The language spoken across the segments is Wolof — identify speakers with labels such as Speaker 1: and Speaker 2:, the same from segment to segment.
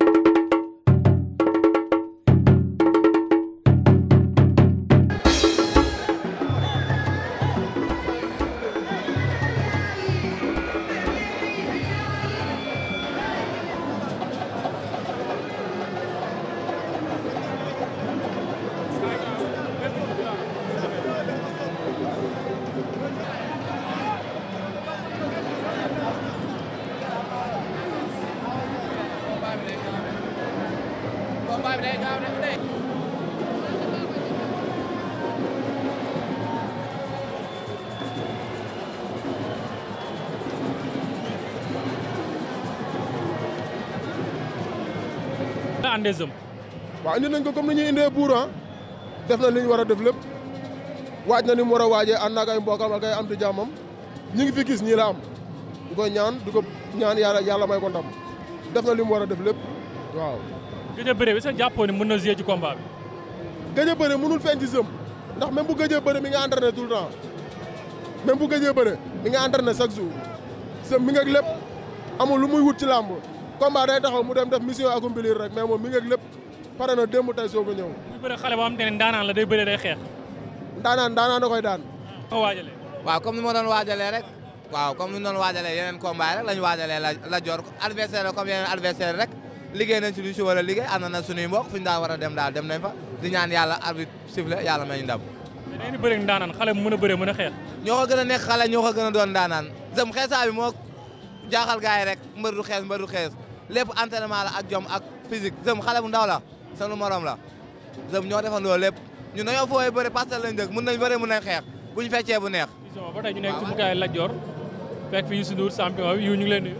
Speaker 1: thank you
Speaker 2: la àndeesam. wa andi nañ ko comme niñu indé indee buur ah. def na liñ wara def lepp waj na ni mo wara wajé waajee ànd ay mbokam ak ay am du jàmmam ñi ngi fi gis ñi la am du ko ñaan du ko ñaan yalla yalla may ko ndam def na liñ wara def lepp
Speaker 3: waaw. gëj a wi sa sax jàppoo ne mën ci combat bi.
Speaker 2: gëj a mënul feeñ ci sëm ndax même bu gëj a mi nga entraîné tout temps même bu gëj a mi nga entraîné chaque jour sëm mi nga lepp amul lu muy wut ci lamb combat day taxaw mu dem def mission accomplir rek mais moom mi ngeeg lépp pare na démb tey soog a ñëw.
Speaker 3: muy bëre xale boo la day bëre
Speaker 2: day xeex. ndaanaan ndaanaan koy daan. waaw comme ni ma doon waajalee rek. waaw kom ni ñu doon waajalee yeneen combat rek lañu waajalee la la joor adversaire la comme yeneen adversaire rek liggéey nañ si lu si war a liggéey am na suñuy mbokk fu ñu daan war a dem daal dem nañ fa di ñaan yàlla arbitre sifflé yàlla may ñu ndam. mais dañu bëri ndaanaan mu mën a bëree mën a xeex. ñoo ko gën a a doon ndaanaan. sam xeesaa bi moo jaaxal yi rek mbër du xees mbër lépp entraînement la ak jom ak physique Zeum xale bu ndaw la sunu morom la Zeum ñoo defandoo lépp ñun dañoo fooy bëri Parcelles lañ dëkk mën nañ bëri mën nañ xeex bu ñu feccee bu neex. ba tey ñu nekk ci mukaay Lat Dior
Speaker 3: fekk fi Youssou Ndour champion bi yu ñu ngi leen nuyu.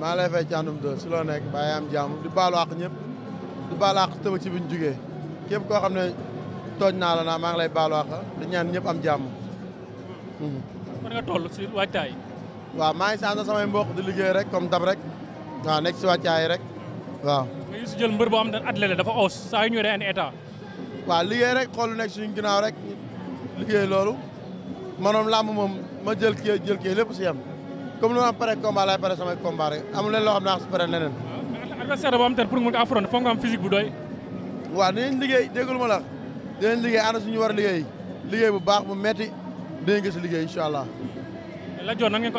Speaker 2: maa lay fay càndum do si loo nekk bàyyi am jàmm di baalu àq ñëpp di baalu tëb ci bi ñu képp koo xam ne tooñ naa la naa maa ngi lay baalu àq di ñaan ñëpp am jàmm. fan nga toll si waajtaay. waaw maa ngi sant samay mbokk liggéey rek comme dab rek waa nekk si wàccaay rek waaw. ma yu si jël mbër boo xam ne athlète dafa os saa yu ñëwee day indi état. waaw liggéey rek xool nekk suñu ginnaaw rek liggéey loolu manoom làmb moom ma jël kii jël kii lépp si yem comme lu ma am pare combat laay pare samay combat rek amul leen loo xam naa si pare leneen. adversaire boo am teel pour nga mën ko affronter foog nga am physique bu doy. waaw dinañ liggéey déggul ma la dinañ liggéey ànd suñu war a liggéey bu baax bu metti dinañ gis liggéey incha allah. Lat Dior nan ngeen ko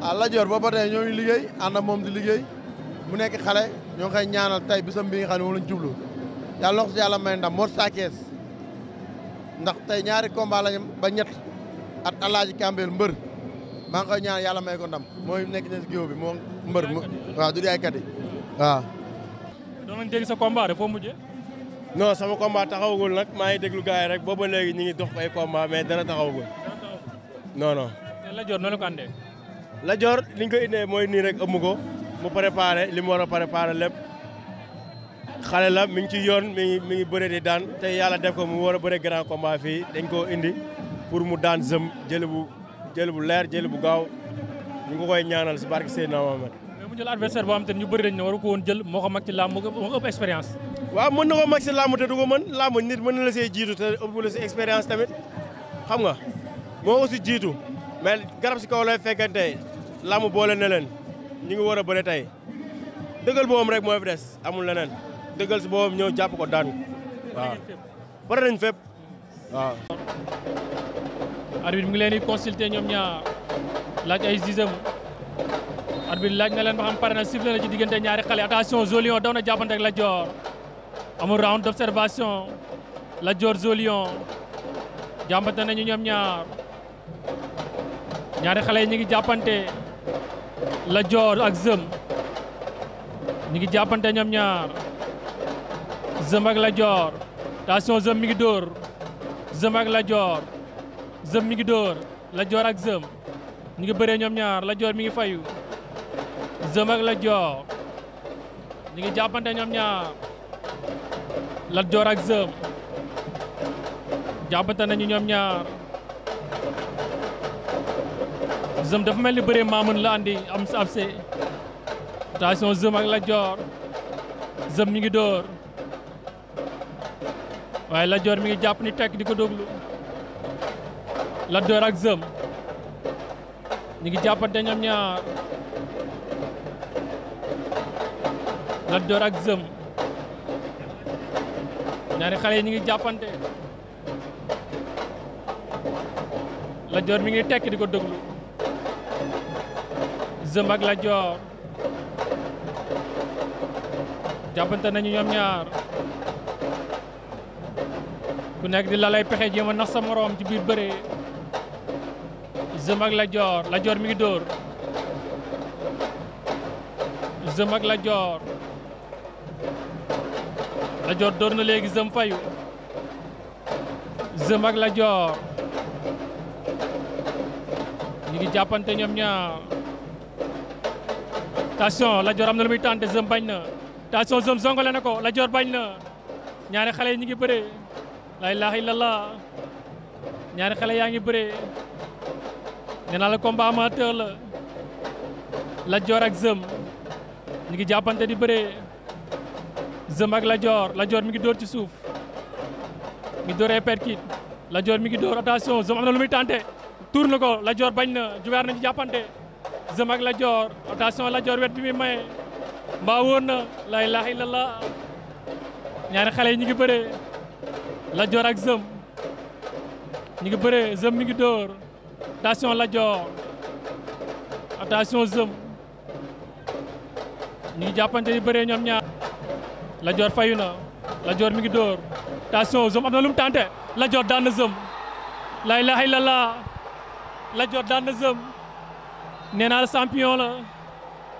Speaker 2: ah Lat Dior boobu ba tey ñoo ngi liggéey ànd moom di liggéey mu nekk xale ñoo ngi koy ñaanal tey bisam bi nga xam ne moom lañ jublu yàlla loxo si yàlla ndam Mor Sakess ndax tey ñaari combat ba ñett at Alaaji mbër maa ngi koy ñaan yàlla may ko nekk na si bi moo mbër waaw du di ay kat yi waaw. doon sa combat de foo mujjee. non sama combat taxawagul nag maa ngi déglu gars yi rek booba léegi ñu ngi dox ay combat mais dara taxawagul non non. ko Lat Dior li ñu ko indee mooy nii rek ëmm ko mu préparé li mu war a préparé lépp xale la mi ngi ci yoon mi ngi mi ngi bëre di daan te yàlla def ko mu war a bëre grand combat fii dañ koo indi pour mu daan zëm jëli bu jëli bu leer jëli bu gaaw ñu ngi koy ñaanal si barke Seydina Mohamed. mais mu jël adversaire boo xam te ñu bëri dañ ne waru ko woon jël moo ko mag ci làmb moo ko ëpp expérience. waaw mën na ko mag si làmb te du ko mën nit mën na la see jiitu te ëpp la si expérience xam nga moo aussi mais garab si kaw lay fekkente làmb boole na leen ñu ngi war a bëre tey dëggal boobu rek mooy des amul leneen dëgël si boobu ñëw jàpp ko daan waaw pare nañ fépp waaw. arbitre mu ngi leen di consulter ñoom ñaar
Speaker 3: laaj ay zizam arbitre laaj na leen ba xam pare na sifflé na ci diggante ñaari xale attention Zolion daw na jàppante ak Lat Dior amul round d'observation Lat Dior Zolion jàmbate nañu ñoom ñaar ñaari xale yi ñu ngi jàppante. Lat Dior ak Zeum ñu ngi jàppante ñoom ñaar Zeum ak Lat Dior attention Zeum mi ngi door Zeum ak Lat Dior Zeum mi ngi door Lat Dior ak Zeum ñu ngi bëre ñoom ñaar Lat Dior mi ngi fayu Zeum ak Lat ñu ngi jàppante ñoom ñaar Lat Dior ak Zeum jàppante nañu ñoom ñaar Zeum dafa mel ni bëree Mamoun la andi am am se attention ak Lat Dior Zeum mi ngi dóor waaye Lat Dior mi ngi jàpp ni tekk di ko déglu Lat Dior ak Zeum ñu ngi jàppante ñoom ñaar Lat Dior ak Zeum ñaari xale yi ñu ngi jàppante Lat Dior mi ngi tekk di ko déglu Zeumb ak Lat jàppante nañu ñoom ñaar ku nekk di lalay pexe jéem a nax sa moroom ci biir bëre Zeumb ak lajoor Dior mi ngi dóor Zeumb ak Lat Dior Lat na léegi Zeumb fayu Zeumb ak Lat Dior ñu ngi ñoom ñaar attention Lat Dior am na lu muy tànn bañ na attention Zeum zongale na ko Lat Dior bañ na ñaari xale yi ñu ngi bëree la ilaha illallah ñaari xale yaa ngi bëree nee naa la combat amateur la Lat ak Zeum ñu ngi jàppante di bëree Zeum ak Lat Dior Lat Dior mi ngi dóor ci suuf mi dóor perkit Lat Dior mi ngi dóor attention Zeum am na lu muy tànte ko Lat bañ na jugaar nañu jàppante Zëm ak Lat Dior attention Lat Dior wet bi muy maye mbaa na laylay lala ñaari xale yi ñu ngi bëree Lat Dior ak Zëm ñu ngi bëre Zëm mi ngi dóor attention Lat Dior attention Zëm ñu ngi jàppante yi bëree ñoom ñaar Lat Dior fayu na Lat mi ngi dóor attention Zëm am na lu mu Zëm la ilaha illallah Lat Dior Zëm nee naa champion là.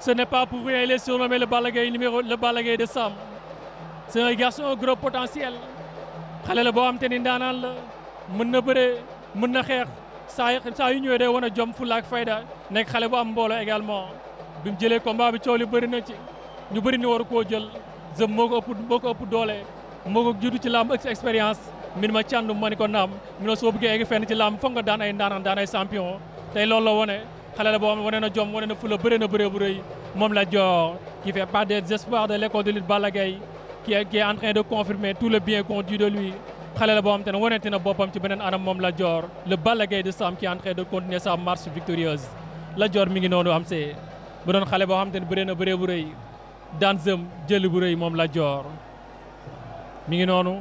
Speaker 3: ce n'est pas pour rien il est surnommé le balagay numéro le balagay de Sam c'est un garçon au gros potentiel xale le boo xam te ni ndaanaan la mën na bëree mën na xeex yu jom fulla ak fayda Nek xale bu am mbolo également bi mu combat bi ciolu li bëri na ci ñu bëri ni war ko jël Je moko ëpp moo ëpp doole ci lamb ak expérience min ma càndum maniko nam. ko so mi na fenn ci lamb foog nga daan ay ndaanaan daan ay champion Tay loolu la xalé la boo xam ne jom wane fula bëre na bëre bu reuy mom la Dior qui fait part des espoirs de l'école de lutte Balla qui est qui est en train de confirmer tout le bien conduit de lui xalé la boo xam te ne na boppam ci benen anam mom la Dior le Balla de Sam qui est en train de continuer sa marche victorieuse la Dior mi ngi noonu am see bu doon xalé boo xam te ne na bëre bu reuy daan jël bu reuy mom la Dior mi ngi noonu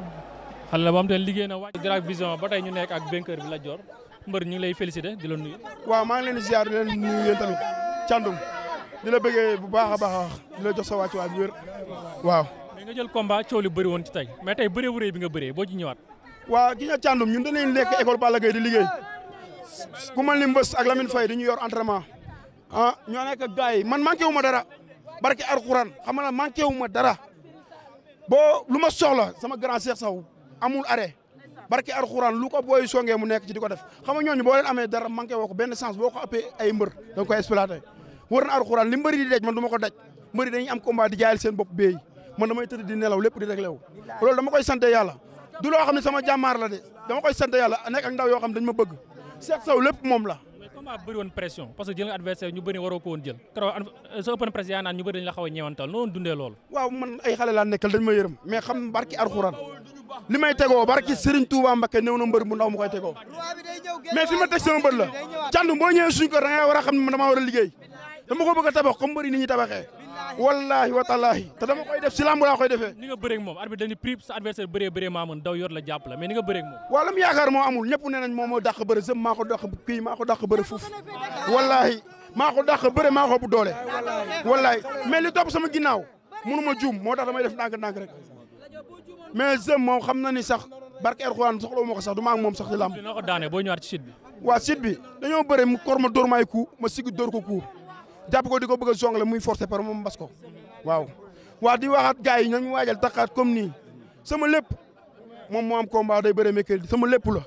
Speaker 3: xale la boo xam te ne liggéey na wàcc Drac Vision batay ñu nek ak vainqueur bi la Dior mbër ñu lay félicité di la nuyu.
Speaker 1: waaw maa ngi leen di leen nuyu yéen tamit càndum di bëggee bu baax a baax a di la jox sa wàcc waay bu wér waaw.
Speaker 3: mais nga jël combat coow bëri woon ci tey mais tey bëree wuree bi nga bëree boo ci ñëwaat.
Speaker 1: waaw gi nga càndum ñu dañuy nekk école Balla Gaye di liggéey ku mel ni Mbës ak Lamine Faye dañuy yor entraînement ah ñoo nekk ak gars yi man manqué wu ma dara barke alxuraan xam nga manqué wu ma dara boo lu ma soxla sama grand cheikh saw barki alxuraan lu ko booy songee mu nekk ci di ko def xam ñooñu boo leen amee dara manqué woo benn sens boo ko ëppee ay mbër da koy exploité wër na alxuraan koy sant yàlla du loo xam ne sama jàmmaar la de dama koy sant yàlla nekk ak ndaw yoo xam ne bëgg seet saw
Speaker 3: pression parce que jël nga adversaire ñu bëri waroo ko woon jël keroog sa open press yaa naan ñu bëri dañ la xaw a ñeewantal noonu dundee
Speaker 1: loolu waaw man ay xale laa nekkal li may tegoo barki Serigne Touba Mbakke néew na mbër bu ndaw mu koy tegoo mais teg sama bët la càndu boo ñëwee suñu kër da ngay a xam ne damaa war a liggéey dama ko bëgg a tabax comme mbëri ni ñuy tabaxee wallahi wa te dama koy def si lamb laa koy defee
Speaker 3: ni moom arbitre dañu prix sa adversaire yor la jàpp la mais ni nga
Speaker 1: bëreeg moom waaw lam yaakaar moo amul ñëpp nee nañ moom moo dàq bëre sëb maa ko dàq kii maa ko dàq bëre foofu wallahi maa ko dàq bëre maa ko ma juum moo tax damay def mais Zeum moom xam na ni sax barke Alxuraan soxla ma ko sax du ma ak moom sax di lamb. dina
Speaker 3: ko daane boo ñëwaat ci site bi.
Speaker 1: waa site bi dañoo bëre mu kor ma dóor ma ay coup ma sigi dóor ko coup jàpp ko di ko bëgg a jongle muy forcé par moom mbas ko waaw. waa di waxaat gars yi ñooñu waajal taxaat comme nii sama lépp moom moo am combat day bëre mercredi sama lépp la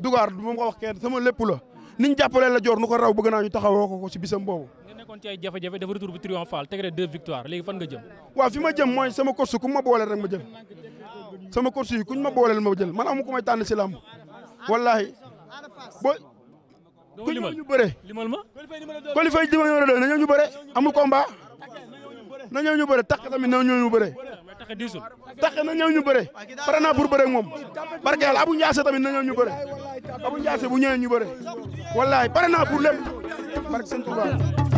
Speaker 1: dugaar du ma ko wax kenn sama lépp la ni ñu jàppalee la joor nu ko raw bëgg naa ñu taxawoo ko ko si bisam boobu.
Speaker 3: nga nekkoon ci ay jafe-jafe dafa retour bu triomphal tegre deux victoires léegi fan nga jëm.
Speaker 1: waaw fi ma jëm mooy sama course ku ma boole rek ma jëm sama course yi kuñ ma booleel ma jël man amu ku may tànn si làmb wallaahi bo ku ñëw ñu bëre limal ma qualifié dima numéro 2 na ñëw ñu bëre amul combat na ñëw ñu bëre takk tamit na ñëw ñu bëre takk na ñëw ñu bëre pare naa pour bëre moom barke yàlla abu njaase tamit na ñëw ñu bëre abu njaase bu ñëwee ñu bëre wallaahi pare naa pour lépp barke seen